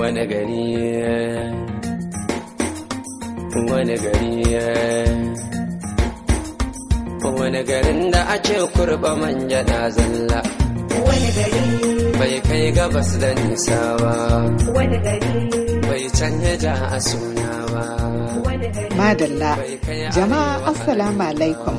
wani gari wani gari wani garin da a ce kurba manja na zalla wani gari bai kai gabas da nisa ba wani gari bai canja ja a suna ba madalla jama'a assalamu alaikum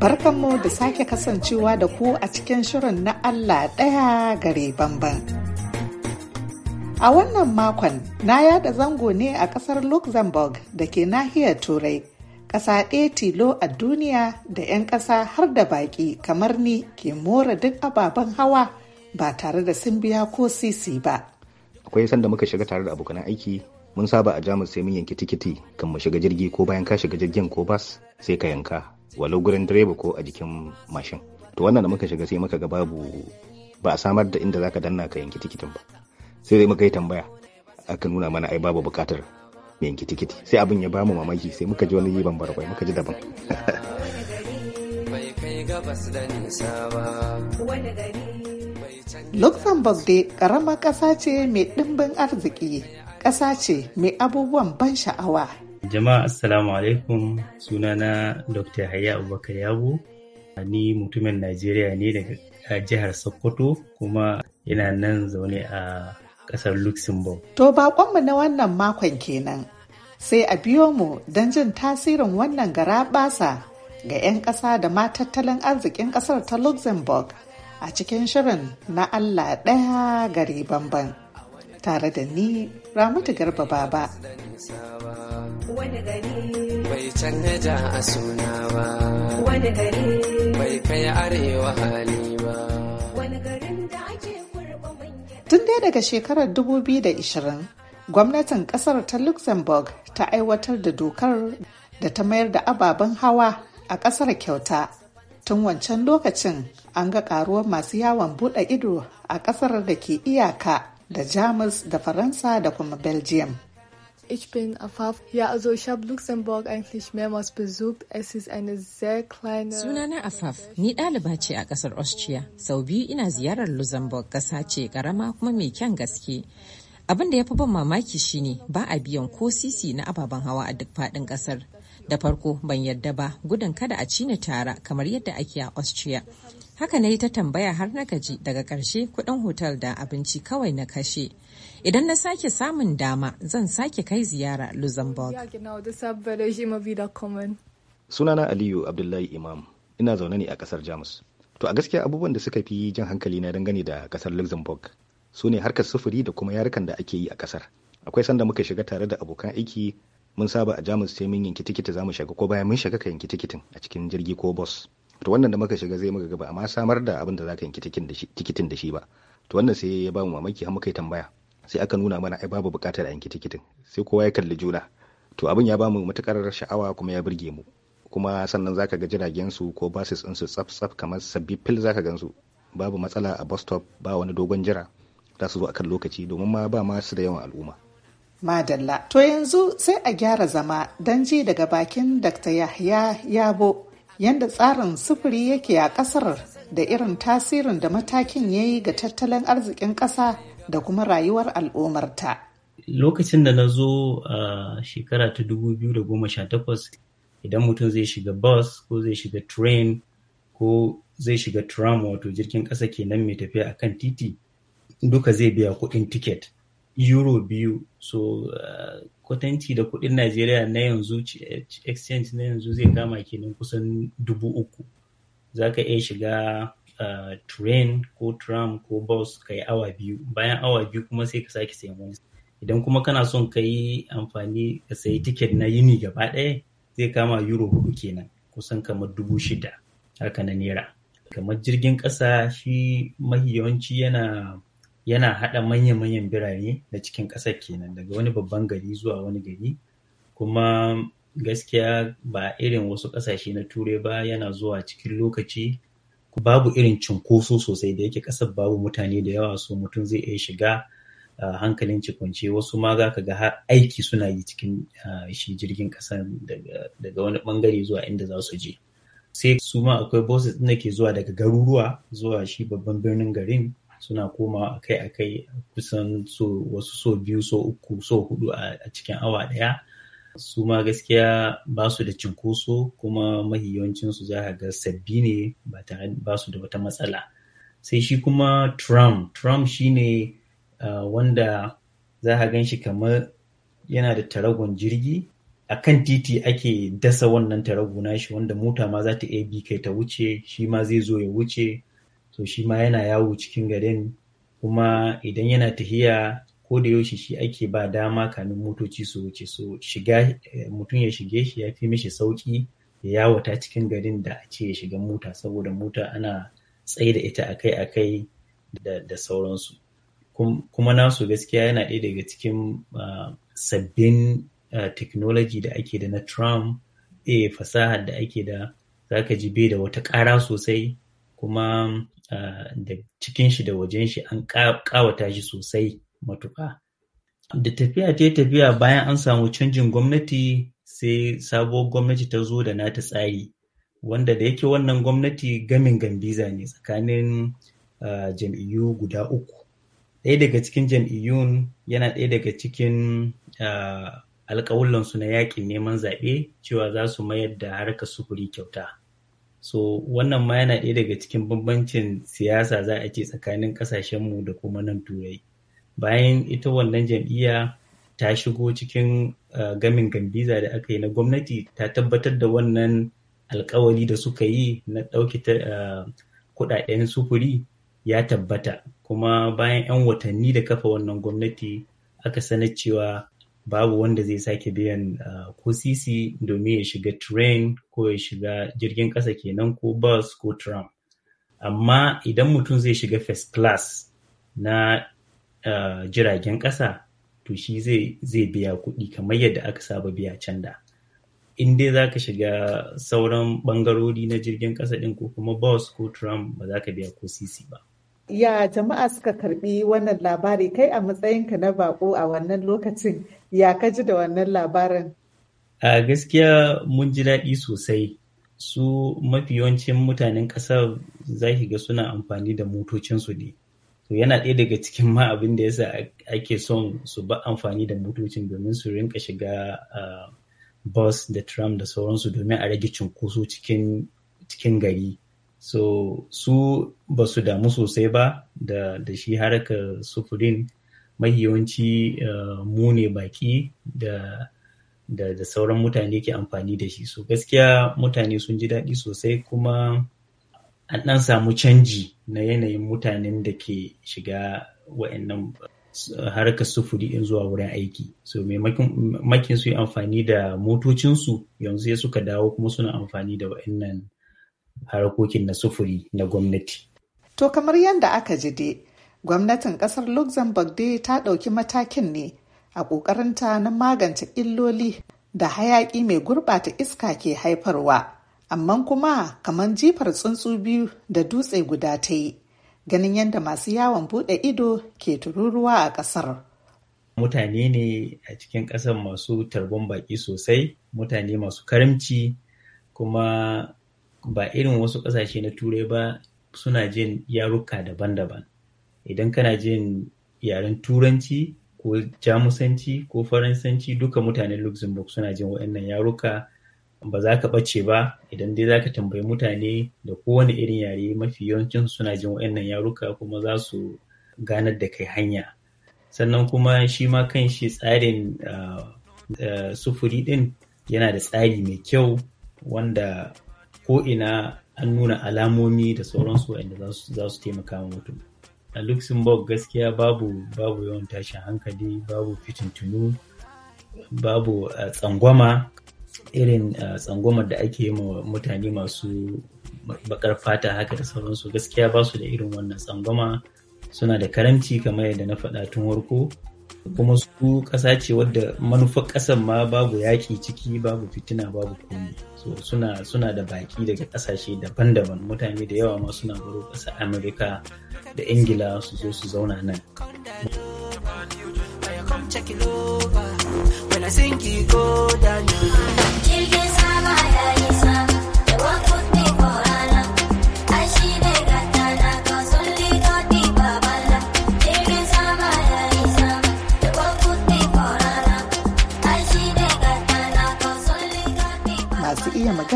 barkanmu da sake kasancewa da ku a cikin shirin na allah ɗaya gare bambam. A wannan makon na yada zango ne a ƙasar Luxembourg da ke nahiyar Turai. Ƙasa ɗaya tilo a duniya da 'yan ƙasa har da baƙi kamar ni ke mora duk ababen hawa ba tare da sun biya ko sisi ba. Akwai sanda muka shiga tare da abokan aiki mun saba a Jamus sai mun yanki tikiti kan mu shiga jirgi ko bayan ka shiga jirgin ko bas sai ka yanka walau gurin direba ko a jikin mashin. To wannan da muka shiga sai muka ga babu ba a samar da inda zaka danna ka yanki tikitin ba. sai dai muka yi tambaya aka nuna mana ai babu bukatar mai kitikiti sai abin ya bamu mamaki sai muka ji wani yiban barkwai muka ji daban Luxembourg dai ƙaramar ƙasa ce mai ɗimbin arziki, ƙasa ce mai abubuwan ban sha'awa. Jama'a Assalamu alaikum sunana Dr. Hayya Abubakar Yabo, ni mutumin Najeriya ne daga jihar Sokoto kuma ina nan zaune a Kasar Luxembourg. To mu na wannan makon kenan. Sai a biyo mu don jin tasirin wannan gara basa ga 'yan ƙasa da ma tattalin arzikin ƙasar ta Luxembourg a cikin shirin na Allah ɗaya gari banban. Tare da ni Ramatu Garba Baba. Wani gari bai a suna ba. bai kai arewa hali ba. Wani gari Tun dai daga shekarar 2020, gwamnatin kasar ta Luxembourg ta aiwatar da dokar da ta mayar da ababen hawa a kasar kyauta. Tun wancan lokacin an ga karuwar masu yawon bude ido a kasar da ke iyaka da Jamus da Faransa da kuma Belgium. Ich bin Afaf. Ja, also ich habe Luxemburg eigentlich mehrmals besucht. Es ist eine sehr kleine. Sunana Afaf, ni ɗaliba ce a ƙasar Austria. Sau biyu ina ziyarar Luxemburg ƙasa ce ƙarama kuma mai kyan gaske. Abin da ya fi ban mamaki shine ba a biyan ko sisi na ababen hawa a duk faɗin ƙasar. da farko ban yadda ba gudun kada a ci ni tara kamar yadda ake a austria haka na yi ta tambaya har na gaji daga ƙarshe kuɗin hotel da abinci kawai na kashe idan na sake samun dama zan sake kai ziyara luxembourg sunana aliyu abdullahi imam ina zaune ne a ƙasar jamus to a gaskiya abubuwan da suka fi jan hankali na dangane da ƙasar luxembourg su ne harkar sufuri da kuma yarukan da ake yi a ƙasar akwai sanda muka shiga tare da abokan aiki mun saba a jamus sai mun yanki tikiti za mu shiga ko bayan mun shiga ka yanki tikitin a cikin jirgi ko bus to wannan da muka shiga zai muka gaba amma samar da abin da za ka yanki tikitin da shi ba to wannan sai ya ba mu mamaki har muka yi tambaya sai aka nuna mana ai babu bukatar a yanki tikitin sai kowa ya kalli juna to abin ya ba mu matukar sha'awa kuma ya burge mu kuma sannan zaka ga jiragen su ko basis din su tsaf tsaf kamar sabbi fil zaka gansu babu matsala a bus stop ba wani dogon jira za su zo akan lokaci domin ma ba ma su da yawan al'umma Madalla. To yanzu sai a gyara zama don ji daga bakin Dr. Yahya Yabo yadda tsarin sufuri yake a kasar da irin tasirin da matakin ya yi ga tattalin arzikin kasa da kuma rayuwar al'ummarta. Lokacin da na zo a shekara ta 2018 idan mutum zai shiga bus ko zai shiga train ko zai shiga tram wato jirgin kasa kenan mai tafiya akan titi duka zai biya kuɗin tiket. euro biyu so eh, kwatanci da kudin najeriya na yanzu exchange na yanzu zai kama kenan kusan dubu uku za ka iya shiga eh, train ko tram ko bus ka yi awa biyu bayan awa biyu kuma sai ka sake sayan wani idan kuma kana son ka yi amfani ka sayi tiket na yini gaba ɗaya zai kama euro hudu kenan kusan kamar dubu shida haka na naira kamar jirgin ƙasa shi mahi yawanci yana yana haɗa manya-manyan birane na cikin ƙasar kenan daga wani babban gari zuwa wani gari kuma gaskiya ba irin wasu ƙasashe na turai ba yana zuwa cikin lokaci babu irin cunkoso sosai da yake ƙasar babu mutane da yawa so mutum zai iya shiga hankalin cikunce wasu ma za ka ga har aiki suna yi cikin shi jirgin ƙasar daga wani ɓangare zuwa inda za su je sai su ma akwai bosses da ke zuwa daga garuruwa zuwa shi babban birnin garin suna koma akai-akai kusan so wasu so biyu so uku so hudu a cikin awa daya su ma gaskiya ba su da cinkoso kuma mahi yawancinsu za ga sabbi ne ba tare ba su da wata matsala sai shi kuma trump trump shine uh, wanda za a gan shi kamar yana da taragon jirgi a kan titi ake dasa wannan tarago nashi wanda mota ma za ta iya bi kai ta wuce shi ma zai zo ya wuce to shi ma yana yawo cikin garin kuma idan yana tahiya ko da yaushe shi ake ba dama kamin motoci su wuce so shiga eh, mutum ya shige shi ya fi mishi sauki ya yawata cikin garin da a ce ya shiga mota saboda mota ana tsaye da ita akai-akai da sauransu kuma nasu gaskiya yana ɗaya daga cikin ah, sabbin ah, technology da ake da na tram eh fasaha da ake da zaka ji bai da wata ƙara sosai kuma da cikin shi da wajen shi an ƙawata shi sosai matuƙa. Da tafiya ta tafiya bayan an samu canjin gwamnati sai sabuwar gwamnati ta zo da nata tsari wanda da yake wannan gwamnati gamin gambiza ne tsakanin jam'iyyu guda uku. Ɗaya daga cikin jam'iyyun yana ɗaya daga cikin alƙawulansu na yaƙin neman zaɓe cewa za su mayar da harkar sufuri kyauta. So wannan ma yana ɗaya daga cikin bambancin siyasa za a ce tsakanin ƙasashenmu da kuma nan turai. Bayan ita wannan jam'iyya ta shigo cikin eh, gamin gambiza da aka yi na gwamnati ta tabbatar da wannan alkawari da suka yi na ɗauki eh, kuɗaɗen sufuri ya tabbata. Kuma bayan 'yan watanni da kafa wannan gwamnati aka sanar cewa babu wanda zai sake biyan ah, ko sisi domin ya shiga train ko ya shiga jirgin ƙasa kenan ko bus ko tram amma idan mutum zai shiga first class na ah, jiragen ƙasa to shi zai biya kuɗi kamar yadda aka saba biya canda. in dai za ka shiga sauran ɓangarori na jirgin ƙasa ɗin ko kuma bus ko tram ba za ka biya ko sisi ba ya jama'a suka karbi wannan labari kai a matsayinka na bako a wannan lokacin ya ka ji da wannan labarin a gaskiya mun ji daɗi sosai su mafi yawancin mutanen ƙasar za ki ga suna amfani da motocinsu ne to yana ɗaya daga cikin ma abin da yasa ake son su ba amfani da motocin domin su rinka shiga bus da tram da sauransu domin a rage cunkoso cikin gari so su ba su damu sosai ba da, da shi harkar sufurin mai yawanci uh, mu ne baki da da, da sauran mutane ke amfani da shi so gaskiya mutane sun ji daɗi sosai kuma an ɗan samu canji na yanayin mutanen da ke shiga wa'annan eh, harkar sufuri in zuwa wurin aiki so maimakin su yi amfani da motocinsu yanzu ya suka dawo kuma suna amfani da wa'annan harkokin na sufuri na gwamnati. To kamar yadda aka ji dai, gwamnatin kasar Luxembourg dai ta ɗauki matakin ne a ƙoƙarinta na magance illoli da hayaƙi mai gurɓata iska ke haifarwa. amma kuma kamar jifar tsuntsu biyu da dutse guda ta yi, ganin yadda masu yawon buɗe ido ke tururuwa a ƙasar. Mutane ne a cikin ƙasar masu tarbon baƙi sosai, mutane masu karimci, kuma ba irin wasu ƙasashe na turai ba suna jin yaruka daban-daban idan kana jin yaren turanci ko jamusanci ko faransanci duka mutanen luxembourg suna jin waɗannan yaruka ba za ka ɓace ba idan dai za ka tambayi mutane da kowane irin yare mafi yawancin suna jin waɗannan yaruka kuma za su ganar da kai hanya sannan kuma shi ma kan shi tsarin ah, ah, sufuri ɗin yana da tsari mai kyau wanda ko ina an nuna alamomi da sauransu wa'anda za su taimaka wa mutum a luxembourg gaskiya babu babu yawan tashin hankali babu fitintunu babu eh, tsangwama irin eh, tsangwamar da ake yi mutane masu bakar fata haka da sauransu gaskiya ba su da irin wannan tsangwama suna da karamci kamar yadda na faɗa tun warko kuma su ƙasa ce wadda manufar ƙasar ma babu yaƙi ciki babu fitina babu komi so suna suna da baki daga ƙasashe daban-daban mutane da yawa ma suna baro kasa amurka da ingila su zo su zauna nan When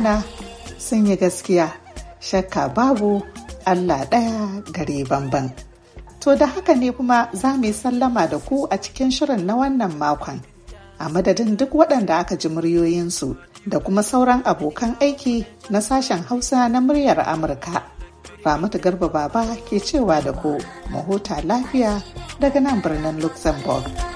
Na sun yi gaskiya shakka babu Allah ɗaya gare banban. To da haka ne kuma za mu yi sallama da ku a cikin shirin na wannan makon. A madadin duk waɗanda aka ji muryoyinsu da kuma sauran abokan aiki na sashen Hausa na muryar Amurka. Ramatu Garba Baba ke cewa da ku, mahuta lafiya daga nan birnin Luxembourg.